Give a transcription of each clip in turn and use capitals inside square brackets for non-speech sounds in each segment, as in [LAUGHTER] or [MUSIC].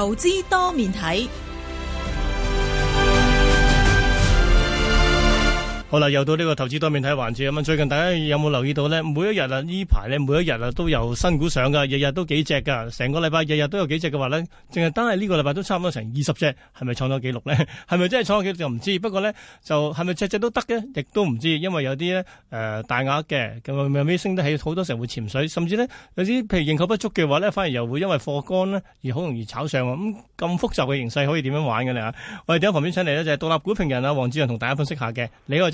投資多面睇。好啦，又到呢個投資多面睇環節咁啊！最近大家有冇留意到咧？每一日啊，呢排咧，每一日啊，都有新股上噶，日日都幾隻噶，成個禮拜日日都有幾隻嘅話咧，淨係單係呢個禮拜都差唔多成二十隻，係咪創咗記錄咧？係咪真係創咗記錄就唔知。不過咧，就係咪隻隻都得嘅，亦都唔知，因為有啲咧誒大額嘅咁，後尾升得起，好多時候會潛水，甚至咧有啲譬如認購不足嘅話咧，反而又會因為貨乾咧而好容易炒上啊！咁咁複雜嘅形勢可以點樣玩嘅咧啊？我哋喺旁邊請嚟咧就係獨立股評人啊，黃志揚同大家分析下嘅，你好。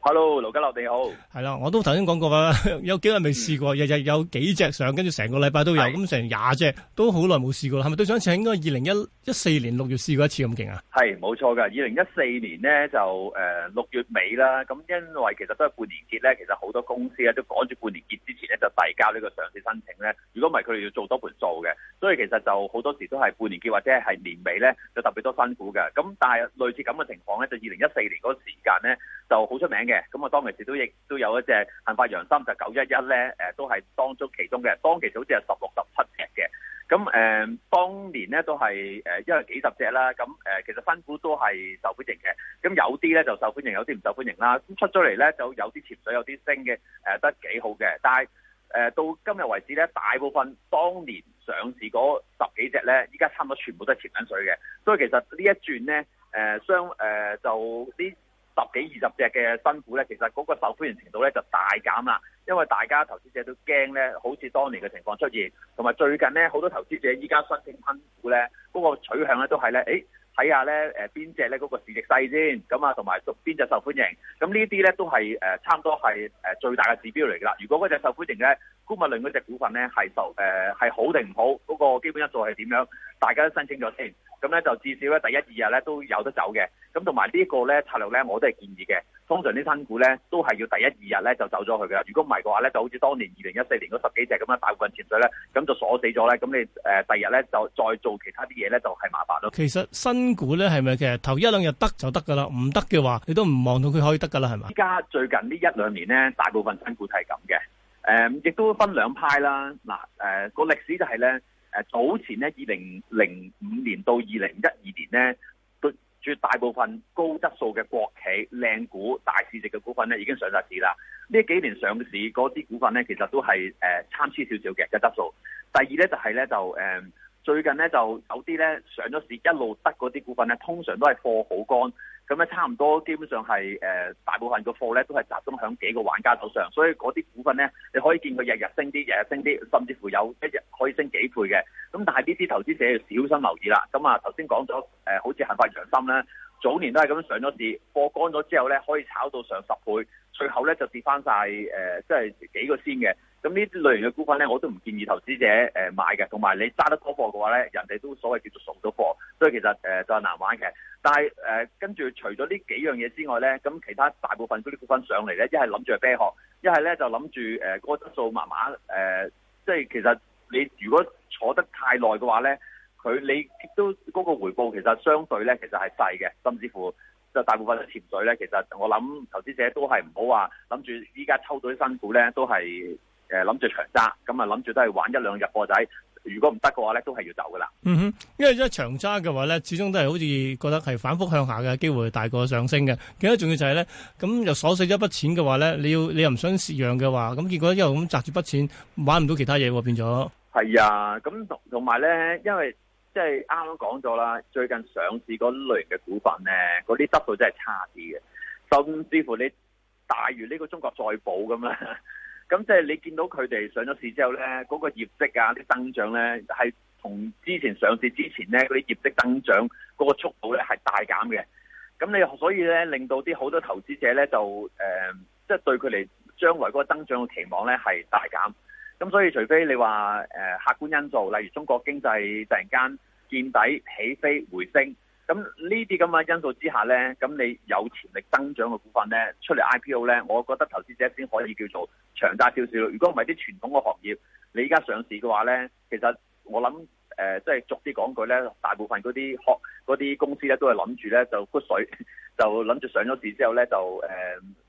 hello，盧家樂你好。係啦，我都頭先講過啦，有幾日未試過，日日、嗯、有幾隻上，跟住成個禮拜都有，咁成廿隻都好耐冇試過啦。係咪對上一次應該二零一四年六月試過一次咁勁啊？係冇錯噶，二零一四年咧就誒六、呃、月尾啦。咁因為其實都係半年結咧，其實好多公司咧都趕住半年結之前咧就遞交呢個上市申請咧。如果唔係，佢哋要做多盤數嘅。所以其實就好多時都係半年結或者係年尾咧，就特別多新股嘅。咁但係類似咁嘅情況咧，就二零一四年嗰個時間咧就好出名。嘅咁啊，我當其時都亦都有一隻恆發陽心就九一一咧，誒都係當中其中嘅。當其時好似係十六十七隻嘅，咁誒、呃、當年咧都係誒、呃、因為幾十隻啦，咁誒、呃、其實新股都係受歡迎嘅。咁有啲咧就受歡迎，有啲唔受歡迎啦。咁出咗嚟咧就有啲潛水，有啲升嘅誒、呃，得幾好嘅。但係誒、呃、到今日為止咧，大部分當年上市嗰十幾隻咧，依家差唔多全部都係潛緊水嘅。所以其實一呢一轉咧誒，相、呃、誒、呃、就啲。十幾二十隻嘅新股咧，其實嗰個受歡迎程度咧就大減啦，因為大家投資者都驚咧，好似當年嘅情況出現，同埋最近咧好多投資者依家申請新股咧，嗰、嗰個取向咧都係咧，誒睇下咧誒邊隻咧嗰個市值細先，咁啊同埋邊隻受歡迎，咁呢啲咧都係誒、呃、差唔多係誒最大嘅指標嚟㗎啦。如果嗰隻受歡迎咧，姑勿論嗰隻股份咧係受誒係、呃、好定唔好，嗰、嗰個基本因素係點樣，大家都申請咗先。咁咧就至少咧第一二日咧都有得走嘅，咁同埋呢個咧策略咧我都係建議嘅。通常啲新股咧都係要第一二日咧就走咗去噶啦，如果唔係嘅話咧就好似當年二零一四年嗰十幾隻咁樣大滾潛水咧，咁就鎖死咗咧。咁你誒第二日咧就再做其他啲嘢咧就係麻煩咯。其實新股咧係咪其實頭一兩日得就得噶啦，唔得嘅話你都唔望到佢可以得噶啦，係咪？而家最近呢一兩年咧，大部分新股係咁嘅。誒、嗯，亦都分兩派啦。嗱、呃，誒、個歷史就係、是、咧。誒早前咧，二零零五年到二零一二年咧，都絕大部分高質素嘅國企靚股、大市值嘅股份咧，已經上咗市啦。呢幾年上市嗰啲股份咧，其實都係誒、呃、參差少少嘅嘅質素。第二咧就係、是、咧就誒、呃、最近咧就有啲咧上咗市一路得嗰啲股份咧，通常都係貨好乾。咁咧，差唔多基本上係誒大部分個貨咧都係集中喺幾個玩家手上，所以嗰啲股份咧，你可以見佢日日升啲，日日升啲，甚至乎有一日可以升幾倍嘅。咁但係呢啲投資者要小心留意啦。咁啊頭先講咗好似恆發洋參啦，早年都係咁上咗市，過乾咗之後咧可以炒到上十倍，最後咧就跌翻晒，誒，呃，即係幾個先嘅。咁呢啲類型嘅股份咧，我都唔建議投資者誒買嘅。同埋你揸得多貨嘅話咧，人哋都所謂叫做送咗貨，所以其實誒、呃、就係、是、難玩嘅。但係誒跟住除咗呢幾樣嘢之外咧，咁其他大部分嗰啲股份上嚟咧，呢一係諗住係啤殼，一係咧就諗住誒個質素麻麻誒，即係其實你如果坐得太耐嘅話咧，佢你都嗰個回報其實相對咧其實係細嘅，甚至乎就大部分都潛水咧。其實我諗投資者都係唔好話諗住依家抽到啲新股咧，都係。誒，諗住長揸，咁啊諗住都係玩一兩日貨仔。如果唔得嘅話咧，都係要走噶啦。嗯哼，因為一長揸嘅話咧，始終都係好似覺得係反復向下嘅機會大過上升嘅。記一重要就係、是、咧，咁又鎖死咗一筆錢嘅話咧，你要你又唔想蝕讓嘅話，咁結果一路咁砸住筆錢，玩唔到其他嘢，變咗。係啊，咁同同埋咧，因為即係啱啱講咗啦，最近上市嗰類型嘅股份咧，嗰啲質素真係差啲嘅，甚至乎你大如呢個中國再保咁 [LAUGHS] 咁即係你見到佢哋上咗市之後呢，嗰、嗰個業績啊，啲增長呢，係同之前上市之前呢，嗰啲業績增長嗰個速度呢係大減嘅。咁你所以呢，令到啲好多投資者呢，就誒，即、呃、係、即係、對佢哋將來嗰個增長嘅期望呢係大減。咁所以除非你話誒、呃、客觀因素，例如中國經濟突然間見底起飛回升。咁呢啲咁嘅因素之下咧，咁你有潛力增長嘅股份咧，出嚟 IPO 咧，我覺得投資者先可以叫做長揸少少。如果唔係啲傳統嘅行業，你而家上市嘅話咧，其實我諗誒，即、呃、係、就是、逐啲講句咧，大部分嗰啲學嗰啲公司咧，都係諗住咧就骨水，就諗住上咗市之後咧就誒、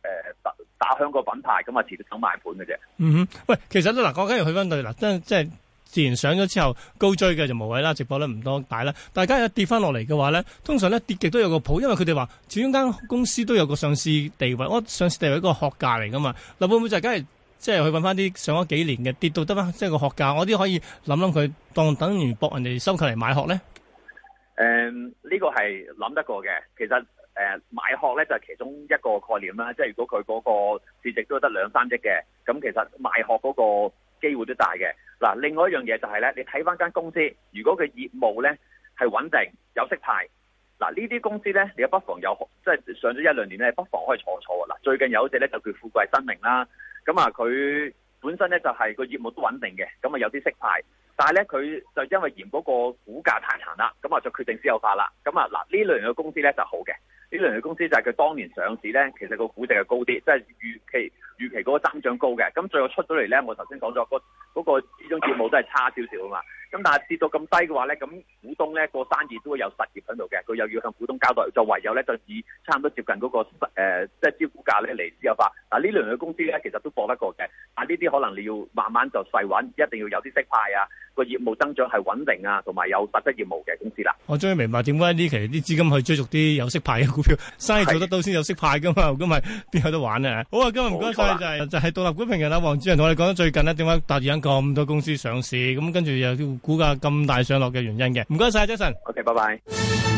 呃、打打響個品牌，咁啊遲啲想賣盤嘅啫。嗯哼，喂，其實都嗱，講緊要去翻到嗱，真係即係。自然上咗之後高追嘅就無謂啦，直播咧唔多大啦。大家一跌翻落嚟嘅話咧，通常咧跌極都有個譜，因為佢哋話，始終間公司都有個上市地位，我上市地位一個殼價嚟㗎嘛。會唔會就係梗係即係去揾翻啲上咗幾年嘅跌到得翻，即係個殼價？我啲可以諗諗佢當等於博人哋收購嚟買殼咧。誒、嗯，呢、這個係諗得過嘅。其實誒、呃、買殼咧就係其中一個概念啦。即係如果佢嗰個市值都得兩三億嘅，咁其實賣殼嗰個機會都大嘅。嗱，另外一樣嘢就係咧，你睇翻間公司，如果佢業務咧係穩定有息派，嗱呢啲公司咧，你不妨有，即係上咗一兩年咧，不妨可以坐坐。嗱，最近有一隻咧就叫富貴生命啦，咁啊佢本身咧就係個業務都穩定嘅，咁啊有啲息派，但係咧佢就因為嫌嗰個股價太殘啦，咁啊就決定私有化啦，咁啊嗱呢類型嘅公司咧就好嘅。呢兩個公司就係佢當年上市咧，其實個估值係高啲，即係預期預期嗰個增長高嘅。咁最後出到嚟咧，我頭先講咗個嗰個始終業務都係差少少啊嘛。咁但係跌到咁低嘅話咧，咁股東咧個生意都會有實業喺度嘅，佢又要向股東交代，就唯有咧就以差唔多接近嗰、嗰個即係、呃即係、招股價咧嚟私有化。嗱呢兩個公司咧其實都博得過嘅，但呢啲可能你要慢慢就細穩，一定要有啲識派啊。個業務增長係穩定啊，同埋有實質業務嘅公司啦。我終於明白點解呢期啲資金去追逐啲有息派嘅股票，生意做得到先有息派噶嘛？咁咪，邊有得玩啊？好啊，今日唔該晒，就係就係獨立股評人啊，黃志揚同我哋講咗最近呢，點解突然間咁多公司上市，咁跟住又股價咁大上落嘅原因嘅。唔該晒，Jason。OK，拜拜。